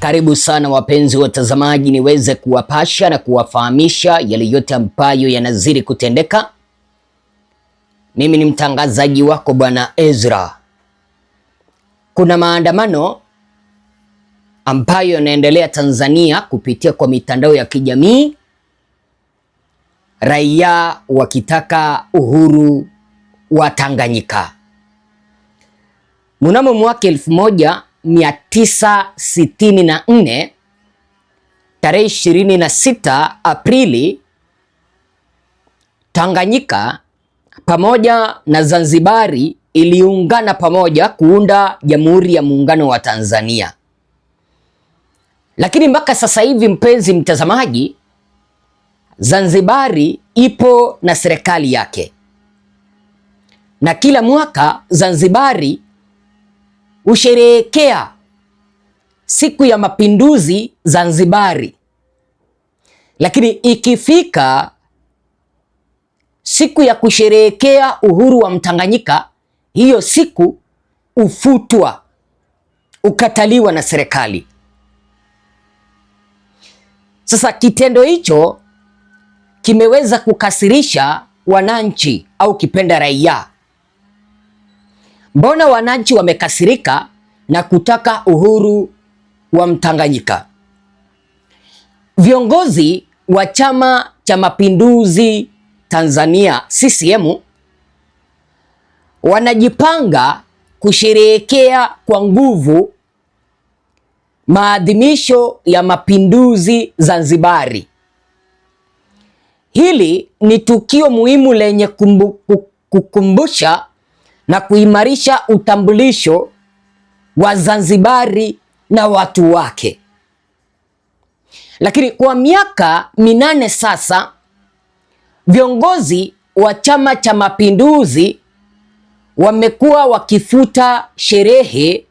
Karibu sana wapenzi watazamaji, niweze kuwapasha na kuwafahamisha yale yote ambayo yanazidi kutendeka. Mimi ni mtangazaji wako bwana Ezra. Kuna maandamano ambayo yanaendelea Tanzania kupitia kwa mitandao ya kijamii, raia wakitaka uhuru wa Tanganyika. Mnamo mwaka elfu moja 964 tarehe 26 Aprili, Tanganyika pamoja na Zanzibari iliungana pamoja kuunda Jamhuri ya Muungano wa Tanzania. Lakini mpaka sasa hivi, mpenzi mtazamaji, Zanzibari ipo na serikali yake na kila mwaka Zanzibari husherehekea siku ya mapinduzi Zanzibari, lakini ikifika siku ya kusherehekea uhuru wa Mtanganyika, hiyo siku ufutwa, ukataliwa na serikali. Sasa kitendo hicho kimeweza kukasirisha wananchi au kipenda raia Mbona wananchi wamekasirika na kutaka uhuru wa Mtanganyika? Viongozi wa Chama cha Mapinduzi Tanzania CCM wanajipanga kusherehekea kwa nguvu maadhimisho ya mapinduzi Zanzibari. Hili ni tukio muhimu lenye kumbu, kukumbusha na kuimarisha utambulisho wa Zanzibari na watu wake. Lakini kwa miaka minane sasa, viongozi wa Chama cha Mapinduzi wamekuwa wakifuta sherehe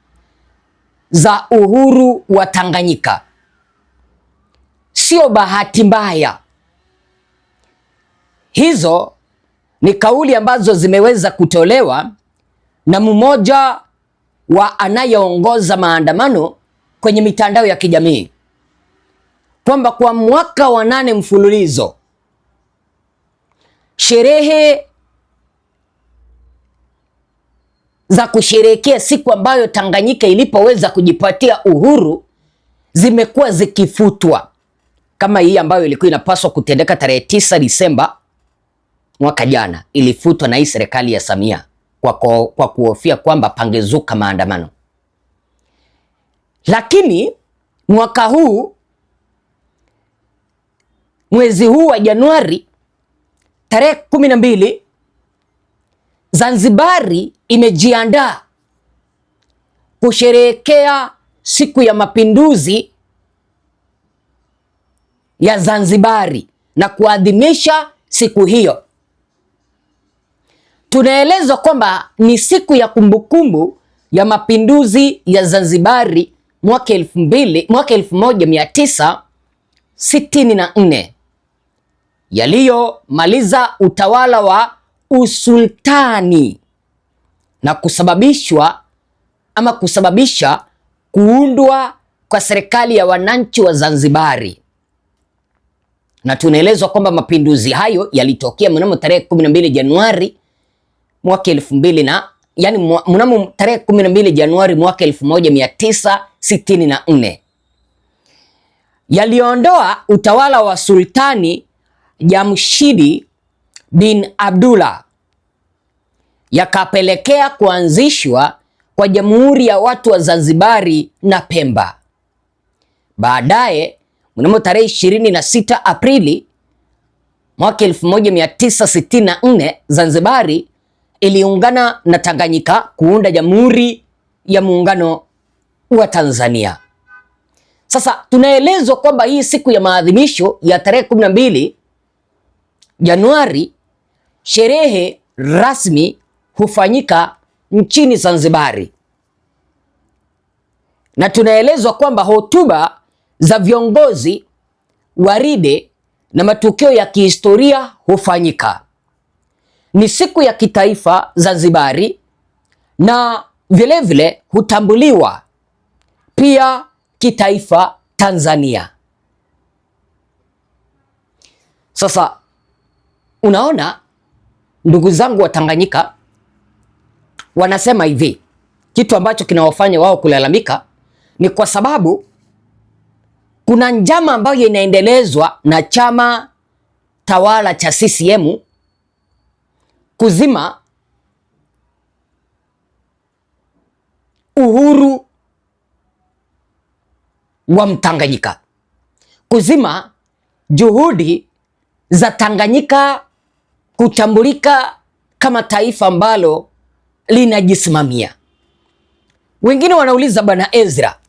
za uhuru wa Tanganyika. Sio bahati mbaya. Hizo ni kauli ambazo zimeweza kutolewa na mmoja wa anayeongoza maandamano kwenye mitandao ya kijamii kwamba kwa mwaka wa nane mfululizo sherehe za kusherehekea siku ambayo Tanganyika ilipoweza kujipatia uhuru zimekuwa zikifutwa, kama hii ambayo ilikuwa inapaswa kutendeka tarehe 9 Disemba mwaka jana, ilifutwa na hii serikali ya Samia kwa, kwa, kwa kuhofia kwamba pangezuka maandamano. Lakini mwaka huu mwezi huu wa Januari tarehe kumi na mbili Zanzibari imejiandaa kusherehekea siku ya mapinduzi ya Zanzibari na kuadhimisha siku hiyo tunaelezwa kwamba ni siku ya kumbukumbu ya mapinduzi ya Zanzibari mwaka elfu mbili mwaka elfu moja mia tisa sitini na nne yaliyomaliza utawala wa usultani na kusababishwa ama kusababisha kuundwa kwa serikali ya wananchi wa Zanzibari na tunaelezwa kwamba mapinduzi hayo yalitokea mnamo tarehe 12 Januari mwaka elfu mbili na yani, mnamo tarehe 12 Januari mwaka nne yaliondoa utawala wa Sultani Jamshidi bin Abdullah yakapelekea kuanzishwa kwa Jamhuri ya Watu wa Zanzibari na Pemba. Baadaye mnamo tarehe 26 Aprili mwaka 1964 Zanzibari iliungana na Tanganyika kuunda Jamhuri ya Muungano wa Tanzania. Sasa tunaelezwa kwamba hii siku ya maadhimisho ya tarehe 12 Januari, sherehe rasmi hufanyika nchini Zanzibari, na tunaelezwa kwamba hotuba za viongozi, waride na matukio ya kihistoria hufanyika ni siku ya kitaifa Zanzibari na vilevile vile hutambuliwa pia kitaifa Tanzania. Sasa unaona, ndugu zangu wa Tanganyika wanasema hivi, kitu ambacho kinawafanya wao kulalamika ni kwa sababu kuna njama ambayo inaendelezwa na chama tawala cha CCM kuzima uhuru wa Mtanganyika, kuzima juhudi za Tanganyika kutambulika kama taifa ambalo linajisimamia. Wengine wanauliza bwana Ezra,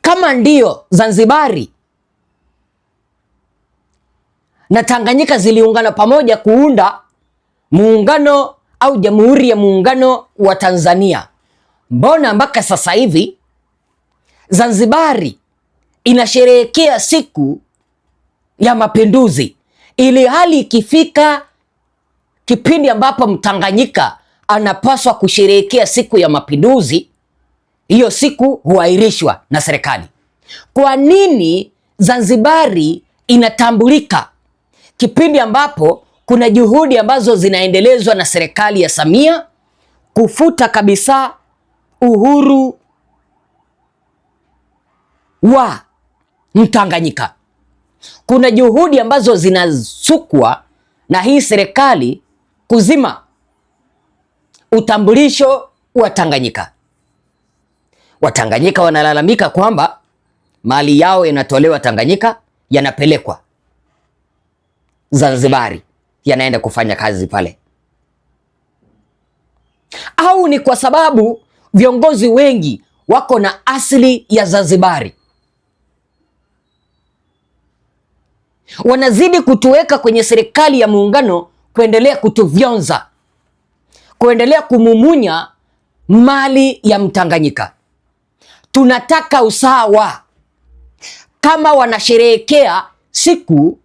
kama ndio Zanzibari na Tanganyika ziliungana pamoja kuunda muungano au Jamhuri ya Muungano wa Tanzania. Mbona mpaka sasa hivi Zanzibari inasherehekea siku ya mapinduzi, ili hali ikifika kipindi ambapo Mtanganyika anapaswa kusherehekea siku ya mapinduzi, hiyo siku huahirishwa na serikali. Kwa nini Zanzibari inatambulika kipindi ambapo kuna juhudi ambazo zinaendelezwa na serikali ya Samia kufuta kabisa uhuru wa Mtanganyika. Kuna juhudi ambazo zinasukwa na hii serikali kuzima utambulisho wa Tanganyika. Watanganyika wanalalamika kwamba mali yao yanatolewa Tanganyika yanapelekwa Zanzibari yanaenda kufanya kazi pale, au ni kwa sababu viongozi wengi wako na asili ya Zanzibari? Wanazidi kutuweka kwenye serikali ya muungano, kuendelea kutuvyonza kuendelea kumumunya mali ya Mtanganyika. Tunataka usawa. Kama wanasherehekea siku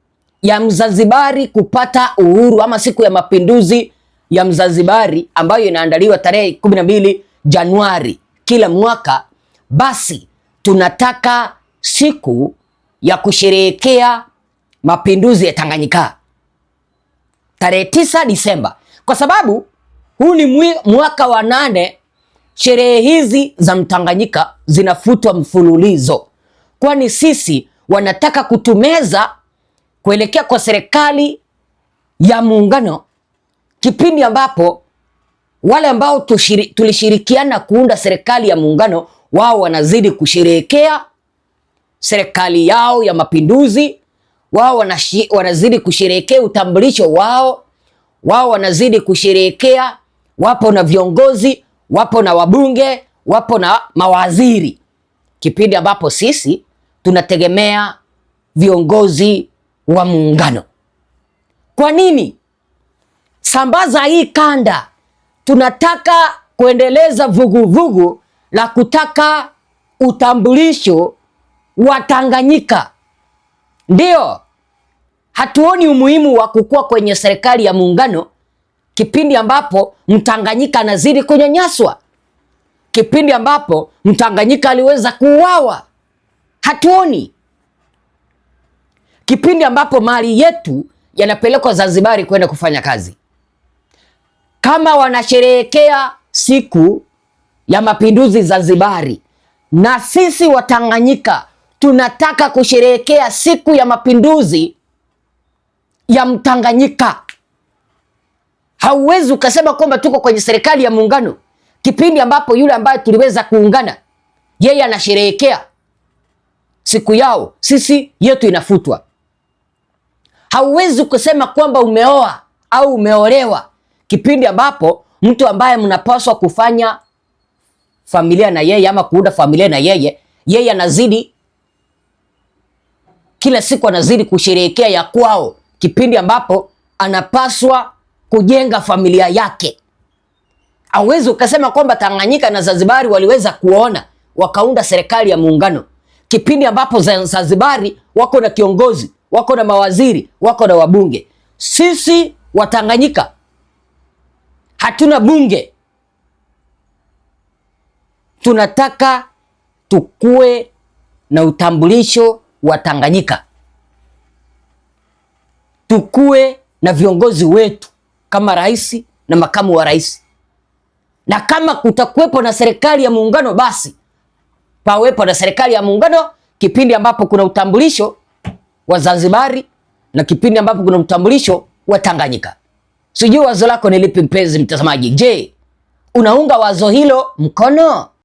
ya Mzanzibari kupata uhuru ama siku ya mapinduzi ya Mzanzibari ambayo inaandaliwa tarehe 12 Januari kila mwaka, basi tunataka siku ya kusherehekea mapinduzi ya Tanganyika tarehe 9 Disemba, kwa sababu huu ni mwaka wa nane sherehe hizi za Mtanganyika zinafutwa mfululizo, kwani sisi wanataka kutumeza kuelekea kwa serikali ya muungano, kipindi ambapo wale ambao tushiri, tulishirikiana kuunda serikali ya muungano wao wanazidi kusherehekea serikali yao ya mapinduzi, wao wanazidi kusherehekea utambulisho wao, wao wanazidi kusherehekea, wapo na viongozi, wapo na wabunge, wapo na mawaziri, kipindi ambapo sisi tunategemea viongozi wa Muungano. Kwa nini? Sambaza hii kanda, tunataka kuendeleza vuguvugu vugu la kutaka utambulisho wa Tanganyika. ndio hatuoni umuhimu wa kukua kwenye serikali ya muungano kipindi ambapo Mtanganyika anazidi kunyanyaswa, kipindi ambapo Mtanganyika aliweza kuuawa, hatuoni kipindi ambapo mali yetu yanapelekwa Zanzibari kwenda kufanya kazi. Kama wanasherehekea siku ya mapinduzi Zanzibari, na sisi Watanganyika tunataka kusherehekea siku ya mapinduzi ya Mtanganyika. Hauwezi ukasema kwamba tuko kwenye serikali ya muungano kipindi ambapo yule ambaye tuliweza kuungana yeye anasherehekea siku yao, sisi yetu inafutwa. Hauwezi kusema kwamba umeoa au umeolewa kipindi ambapo mtu ambaye mnapaswa kufanya familia na yeye ama kuunda familia na yeye, yeye anazidi kila siku, anazidi kusherehekea ya kwao, kipindi ambapo anapaswa kujenga familia yake. Hauwezi ukasema kwamba Tanganyika na Zanzibari waliweza kuona wakaunda serikali ya muungano, kipindi ambapo Zanzibari wako na kiongozi wako na mawaziri, wako na wabunge. Sisi Watanganyika hatuna bunge, tunataka tukue na utambulisho wa Tanganyika, tukue na viongozi wetu kama rais na makamu wa rais, na kama kutakuwepo na serikali ya muungano, basi pawepo na serikali ya muungano kipindi ambapo kuna utambulisho wa Zanzibari na kipindi ambapo kuna utambulisho wa Tanganyika. Sijui wazo lako ni lipi mpenzi mtazamaji? Je, unaunga wazo hilo mkono?